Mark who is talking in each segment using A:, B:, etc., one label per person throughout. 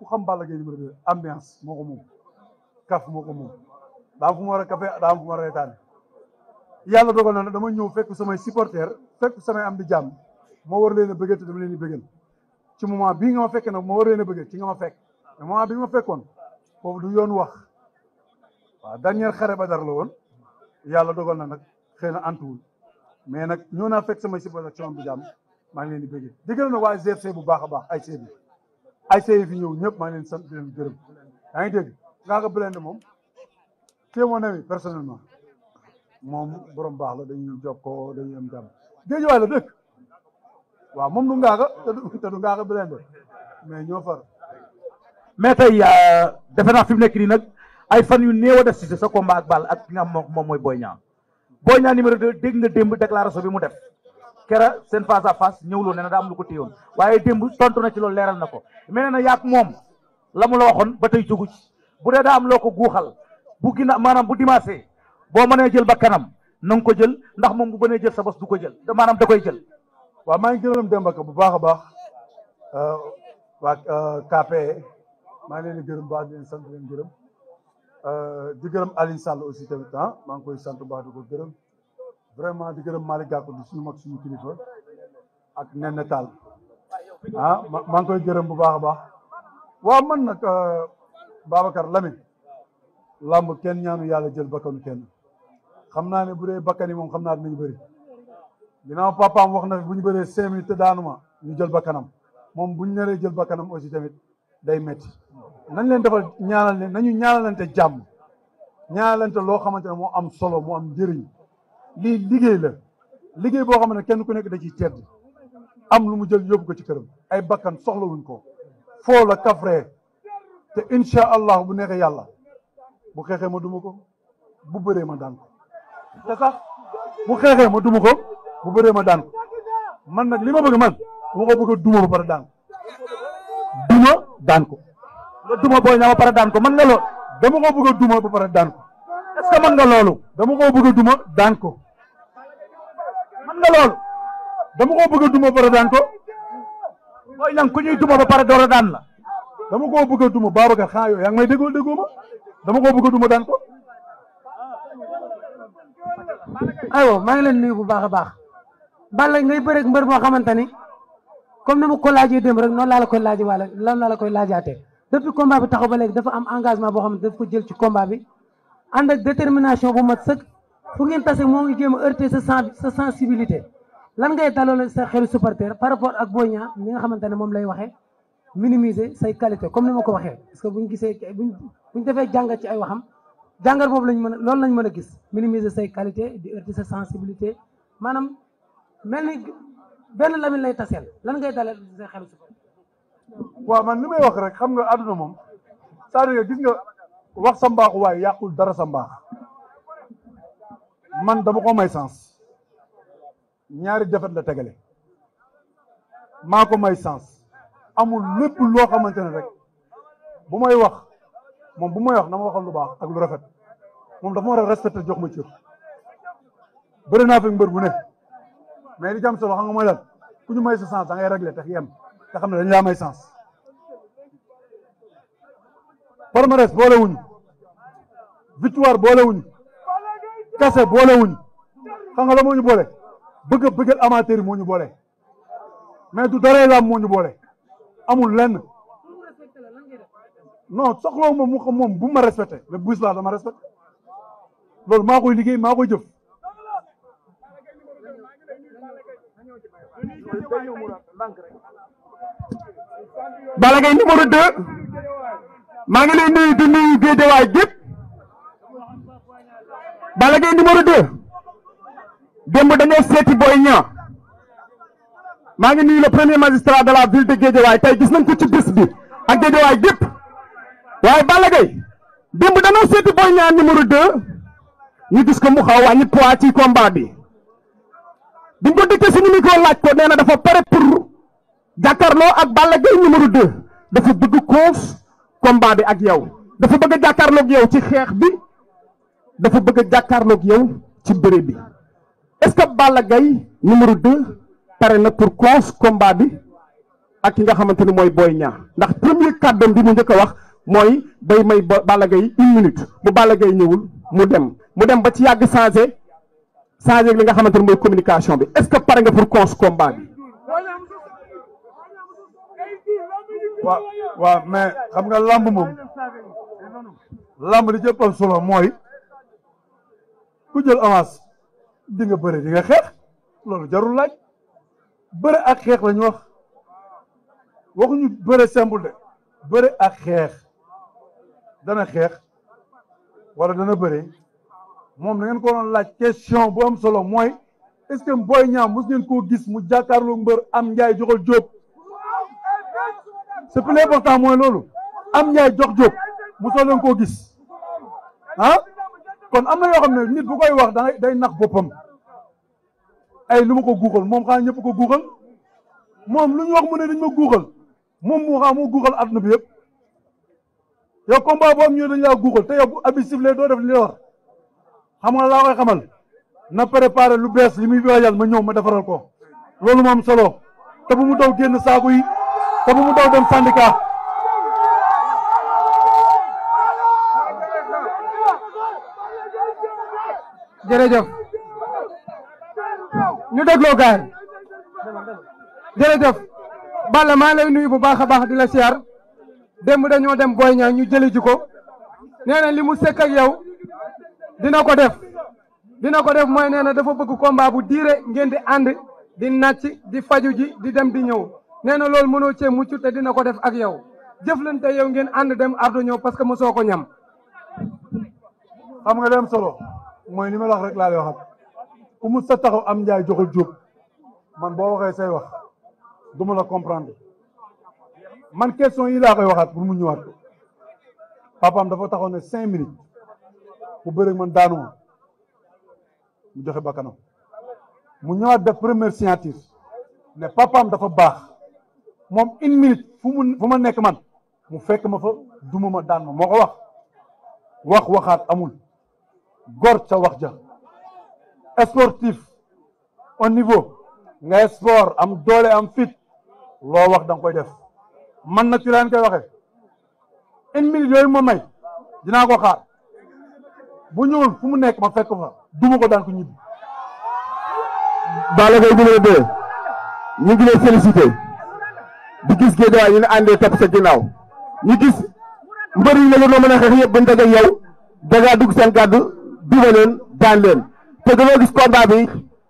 A: ku xam Balla Gaye numéro 2 ambiance moo ko moom kaf moo ko moom daa fu ma war a café daa fu ma war a reetaan yàlla dogal na ñëw fekk samay supporter fekk samay am di jàmm moo war leen a bëggal te dama leen di bëggal ci moment bii nga ma fekk nag moo war leen a bëggal ci nga ma fekk mais moment bi nga ma fekkoon foofu du yoon wax waaw dernière xare ba dara la woon yàlla dogal na nag xëy na antuwul mais nag ñoo naa fekk samay supporter ci am di jàmm maa ngi leen di bëggal dëggal na waa GFC bu baax a baax ay seebi ay say fi ñëw ñëpp maa ngi leen sant di leen ngi dégg Ngaaka Blindé moom c'est mon ami personnellement baax la dañuy jokkoo dañuy am jàmm géejuwaay la waaw moom du Ngaaka te du te du mais ñoo far mais tey euh, defe naa fi mu nekk nii nag ay fan yu néew a def si sa combat ak ak ki moom mooy Boy Niang Boy Niang numéro 2 dégg nga démb déclaration bi mu def kera seen face à face ñëwuloo nee na daa am lu ko téyoon waaye démb tontu na ci loolu leeral na ko mais nee na yaag moom la mu la waxoon ba tey jugu bu dee daa am loo ko guuxal bu gina maanaam bu dimanche boo mënee jël ba kanam na nga ko jël ndax moom bu mënee jël sa bos du ko jël te maanaam da koy jël. waaw maa ngi gërëm Demba bu baax a baax waa euh, KPE maa ngi leen di gërëm baax di leen sant leen gërëm euh, di gërëm Aliou Sall aussi tamit ah maa ngi koy sant baax du ko gërëm. vraiment di gërëm Malick Gakou di suñu mag suñu kilifa ak Néné Tall ah maa ngi koy gërëm bu baax a baax waaw man nag euh, Babacar Lamine làmb kenn ñaanu yàlla jël bakkanu kenn xam naa ne bu dee bakkan yi moom xam naa dinañu bëri ginnaaw papaam wax na bu ñu bëree cinq minutes daanuma ñu jël bakkanam moom bu ñu jël bakkanam aussi tamit day metti nañ leen defal ñaanal ne nañu ñaanalante jàmm ñaanalante loo xamante ne moo am solo moo am njëriñ lii liggéey la liggéey boo xam ne kenn ku nekk da ciy tedd am lu mu jël yóbbu ko ci këram ay bakkan soxlawuñ ko foo la kafree te incha allah bu neexee yàlla bu xeexee ma duma ko bu bëree ma daan ko bu xeexee ma duma ko bu bëree ma daan ko man nag li ma bëgg man ma ko bëgg a duma ba pare daan ko duma daan ko nga duma booy ñaa ba pare daan ko man nga lool dama a duma ba pare daan ko est-ce nga loolu dama koo bëgg a duma daan ko mën nga loolu dama bëgg a duma bara daan ko mooy lan ku ñuy duma ba pare door a daan la dama koo bëgg a duma Babacar xaa yoo yaa ngi may déggoo déggoo ma dama koo bëgg a duma daan ko aywa maa ngi leen nuyu bu baax a baax Balla ngay bëreeg mbër moo xamante ni comme ni ma ko laajee démb rek noon laa koy laaj wala lan laa la koy laajaatee depuis combat bi taxaw ba léegi dafa am engagement boo xam ne daf ko jël ci combat bi ànd ak détermination bu mat sëkk fu ngeen tase moo ngi jéem a heurter sa sa sensibilité lan ngay daloo sa xelu supporter par rapport ak Boy Niang li nga xamante ne moom lay waxee minimiser say qualité comme ni ma ko waxee parce que buñ gisee buñ buñ defee jàngat ci ay waxam jàngat boobu lañ mën a loolu lañ mën a gis minimiser say qualité di heurter sa sensibilité maanaam mel ni benn lamin lay taseel lan ngay dalal sa xelu supporter. waaw man ni may wax rek xam nga àdduna moom wax sa mbaaxu waaye yàqul dara sa mbaax man dama ko may sens ñaari jafet la tegale maa ko may sens amul lépp loo xamante ne rek bu may wax moom bu may wax na ma waxal lu baax ak lu rafet moom dafa ma war a respecté jox ma cër bëri naa fi mbër bu ne mais li jàmm solo xam nga mooy lan ku ñu may sa sens da ngay réglé tax yem te xam ne dañ laa may sens palmarès boole wuñu victoire boole wuñu kase boole wuñu xam nga la moo ñu boole bëgg a bëggal amateur yi ñu boole mais du daree laam moo ñu boole amul lenn non soxlawu ma mu xam moom bu ma respecté le buis laa dama respecté loolu maa koy liggéey maa koy jëf
B: Balla Gaye numéro 2 maa ngi leen nuyu di nuyu Guédiawaye gépp Balla Gaye numéro démb dañoo seeti Boy Niang maa ngi nuyu le premier magistrat de la ville de Guédiawaye tey gis nañ ko ci bis bi ak Guédiawaye gépp waaye Balla démb dañoo seeti Boy Niang numéro 2 ñu gis ko mu xaw wàññi poids ci combat bi biñ ko dëkkee suñu micro laaj ko nee dafa pare pour jàkkaarloo ak Balla Gaye numéro dafa bëgg conf combat bi ak yow dafa bëgg a jàkkaarloog yow ci xeex bi dafa bëgg a jàkkaarloog yow ci bëre bi est-ce que Balla Gaye numéro 2 pare na pour close combat bi ak ki nga xamante ni mooy booy Niang ndax premier kàddoom bi mu njëkk a wax mooy day may Balla Gaye une minute mu Balla gay ñëwul mu dem mu dem ba ci yàgg changer changé li nga xamante ni mooy communication bi est-ce que pare nga pour close combat bi.
A: waaw waaw mais xam nga làmb moom làmb li jëpp solo mooy ku jël avance di nga bëri di nga xeex loolu jarul laaj bëri ak xeex la ñu wax waxuñu bëri simple de bëri ak xeex dana xeex wala dana bëri moom na ngeen ko laaj question bu am solo mooy est-ce que Boy Niang mos ngeen koo gis mu jàkkaarloo mbër am njaay joxal jóob c'est plus important mooy loolu am njaay jox jóg mosoo leen koo gis ah kon am na yoo xam ne nit bu koy wax da day nax boppam ay lu ma ko guuxal moom xanaa ñëpp ko guuxal moom lu ñu wax mu ne dañ ma guuxal moom mu xaa moo guuxal na bi yëpp yow combat boo am ñu dañ laa guuxal te yow bu abi sifle doo def li la war xam nga laa koy xamal na préparé lu bees li muy wajal ma ñëw ma defaral ko loolu solo te bu mu daw génn saako yi te bu mu daw dem syndicat
B: jërëjëf ñu dégloo gaay jërëjëf Balla maa lay nuyu bu baax a baax di la siyaar démb dañoo dem Boy Niang ñu jëli ji ko nee na li mu sekk ak dina ko def dina ko def mooy nee dafa bëgg combat bu diire ngeen di ànd di nàcc di faju ji di dem di ñëw nee na loolu mënoo cee mucc te dina ko def ak yow jëflante yow ngeen ànd dem ardo ñëw parce que mosoo ko ñam.
A: xam nga dem solo mooy li ma wax rek laa lay waxal ku sa taxaw am njaay joxul jóob man boo waxee say wax du ma la comprendre man question yi laa koy waxaat pour mu ñëwaat ko papaam dafa taxaw ne cinq minutes bu bëri man daanuma mu joxe bakkanam mu ñëwaat def première signature ne papaam dafa baax. moom une minute fu mu fu ma nekk man mu fekk ma fa duma ma daan ma moo ko wax wax waxaat amul góor ca wax ja sportif au niveau nga sport am doole am fit loo wax da koy def man nag ci leen koy waxee une minute yooyu ma may dinaa ko xaar bu ñëwul fu mu nekk ma fekk fa duma ko daan ko ñibbi
B: Balla Gaye numéro 2 ñu
A: gi lay félicité di gis géejawaay
B: yi ñu àndee topp sa ginnaaw ñu gis mbër yi ne mën a xeex yëpp bañ dajeeg yow dangaa dugg seen gàddu dugal leen daan leen te dañoo gis combat bi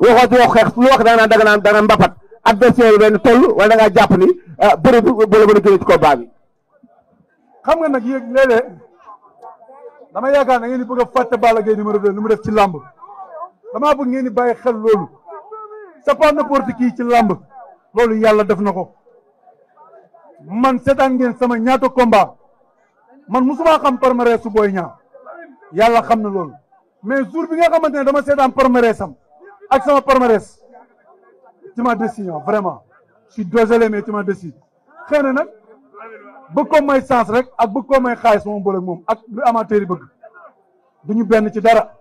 B: waxoo ci wax xeex lu wax da nga naan da nga naan da nga mbapat adversaire benn toll wala da ngaa jàpp ni ah, bëri bu
A: la mën a xam nga nag yéeg léeg-léeg dama yaakaar na ngeen di bëgg a fàtte Balla Gaye numéro 2 nu mu def ci làmb damaa bëgg ngeen di bàyyi xel loolu c'est pas n'importe qui ci làmb loolu yàlla def na ko. man seetaan ngeen sama ñaata combat man musuma xam palmarès su Boy Niang yàlla xam ne loolu mais jour bi nga xamante ne dama seetaan palmarès am ak sama palmarès ci ma décision vraiment je suis désolé mais ci ma décision nag bëgg ko may rek ak bëgg ko may xaalis moom boole moom ak lu amateur yi bëgg duñu benn ci dara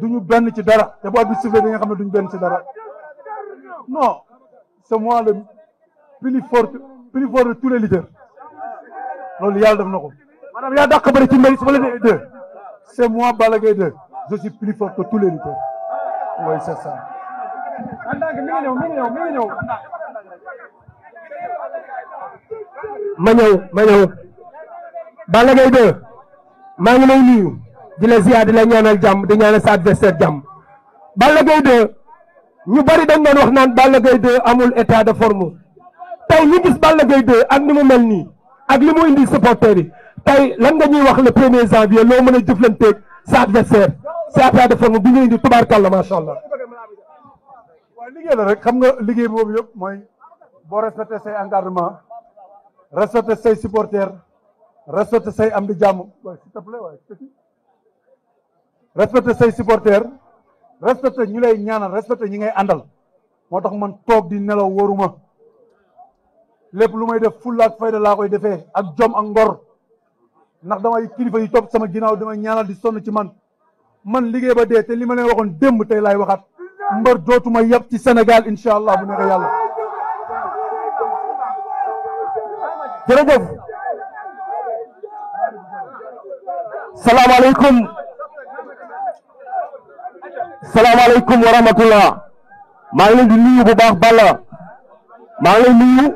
A: duñu benn ci dara te bu at bi sifflé di nga xam ne duñu benn ci dara non c'est moi le plus fort plus fort de tous les loolu yàlla def na ko maanaam yaa dàq bëri ci mbéy su ma la nee deux c' moi Balla Gaye 2 je suis plus fort que tous les lutteurs oui c' est
B: ma ñëw ma ñëw Balla Gaye 2 maa ngi lay nuyu di la ziar di la ñaanal jàmm di ñaanal sa adversaire jàmm Balla Gaye 2 ñu bari dañ doon wax naan Balla Gaye 2 amul état de forme. tey ñu gis Balla Gaye 2 ak ni mu mel nii ak li mu indi supporter yi tey lan nga ñuy wax le premier janvier loo mën
A: a jëflanteeg sa adversaire sa état de forme bi nga indi tubaarkàlla macha allah. waaye liggéey la rek xam nga liggéey boobu yëpp mooy boo respecté say engagement respecté say supporter respecté say am di jàmm waaye s'il te say supporter respecté ñu lay ñaanal respecté ñi ngay àndal moo tax man toog di nelaw wóoruma. lépp lu may def fulla ak koy defee ak jom a ngor ndax damay kilifa yi topp sama jinaaw damay ñaanal di sonn ci man man liggéey ba dee te li ma leen waxoon démb tey laay waxaat mbër dootuma yab ci Sénégal incha allah bu neexee yàlla. jërëjëf.
B: salaamaaleykum. salaamaaleykum wa rahmatullah. maa ngi leen di nuyu bu baax Balla. maa leen nuyu.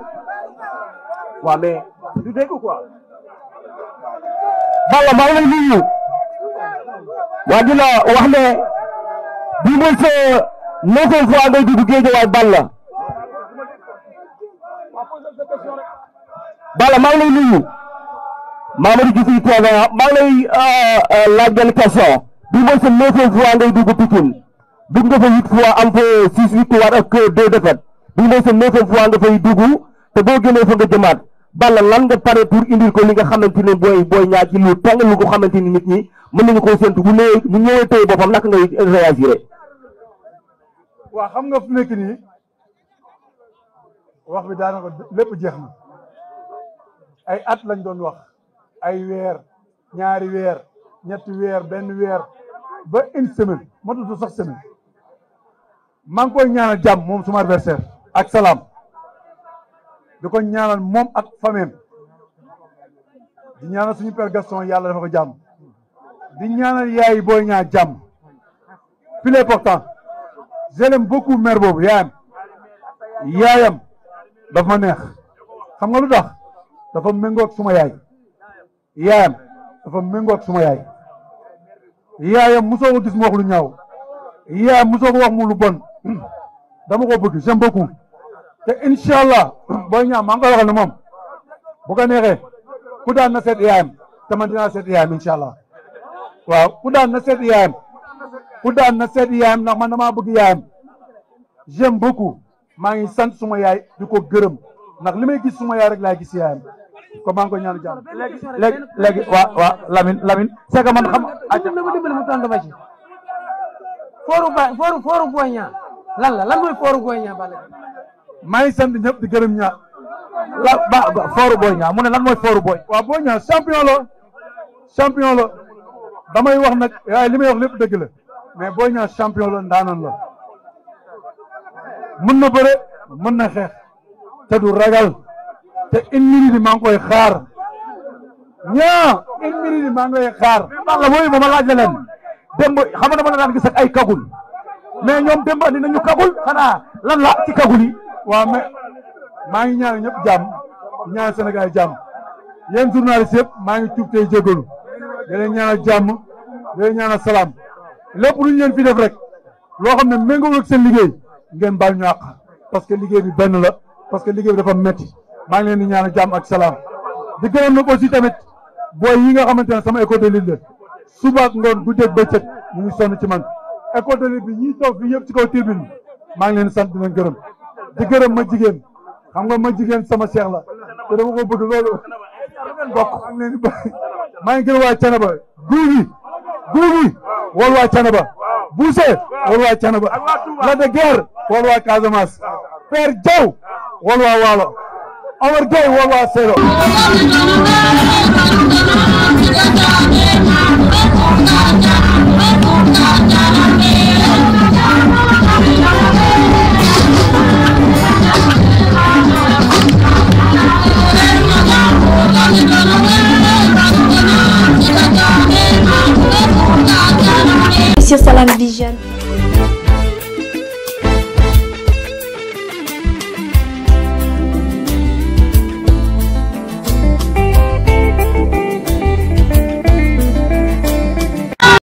B: waaw mais du dégg quoi. Balla maa ngi lay nuyu. waa ji la wax ne bii mooy sa neuvième fois ngay dugg géejawaay Balla. Balla maa ngi lay nuyu. Mamadou Diouf yi toog ah, maa ngi lay ah, ah, laaj benn question bii mooy sa neuvième fois ngay dugg Pikine dugg nga fa huit fois am fa six victoires ak deux défaites bii mooy sa neuvième fois nga fay dugg te boo génnee fa nga jëmaat. Balla lan nga pare pour indil ko li nga xamante ne booy booy ñaar ci lu tàng lu ko xamante ni nit ñi mën nañu koo séntu bu ñëwee bu ñëwee tey boppam naka ngay réagir.
A: waaw xam nga fu nekk nii wax bi daanaka lépp jeex na ay at lañ doon wax ay weer ñaari weer ñetti weer benn weer ba une semaine matatu sax semaine maa ngi koy ñaanal jàmm moom suma adversaire ak salaam. di ko ñaanal moom ak fameem di ñaanal suñu père Gaston yàlla dafa ko jàmm di ñaanal yaay booy ñaa jàmm plus important je l'aime beaucoup mère boobu yaayam yaayam dafa neex xam nga lu tax dafa méngoog suma yaay yaayam dafa méngoog suma yaay yaayam mosoo ko gis mu wax lu ñaaw yaayam mosoo ko wax mu lu bon dama ko bëgg j'aime beaucoup te incha allah booy ñaam maa ngi koy waxal ne ku daan na seet yaayam te man dinaa seet yaayam incha waaw ku daan na seet yaayam ku daan na seet yaayam ndax man damaa bëgg yaayam j'aime beaucoup maa ngi sant suma yaay di ko gërëm ndax li may gis suma yaay rek laa gis yaayam ko maa ngi ko ñaanu jàmm léegi léegi waa waa Lamine man xam acca na ma dimbali mu tontu ma ci fooru ba fooru fooru Boy Niang lan maa ngi sant ñëpp di gërëm ñaar la ba fooru booy ñaar mu ne lan mooy fooru booy waaw booy ñaar champion la champion la damay wax nag waaye li may wax lépp dëgg la mais booy ñaar champion la ndaanan la mën na bëre mën na xeex te du ragal te une minute maa ngi koy xaar ñaa une minute maa ngi koy xaar Balla booy moom ma laaj la leen démb xam nga dama la daan gis ak ay kagul mais ñoom démb andi nañu kagul xanaa lan la ci kagul waaw mais maa ngi ñaan ñëpp jàmm ñaan Sénégal jàmm yéen journaliste yëpp maa ngi tuub tey jégalu di leen ñaanal jàmm di leen ñaanal salaam lépp lu ñu leen fi def rek loo xam ne méngóo ak seen liggéey ngeen baal ñu àq parce que liggéey bi benn la parce que liggéey bi dafa metti maa ngi leen di ñaanal jàmm ak salaam di gërëm nag aussi tamit booy yi nga xamante ne sama école de lutte suba ak ngoon guddeeg bëccëg ñu ngi sonn ci man école de lutte bi toog fii yëpp ci kaw tribune maa ngi leen sant di leen di gërëm ma jigéen xam nga ma jigéen sama seex la te dama ko bëgg loolu bokk maa ngi gën waa Canaba guy gi guy waa Canaba Buuse wol waa Canaba Lac de Guiers wol waa Casamance Père Diaw wol waa Waalo Omar Gueye wol waa Seedo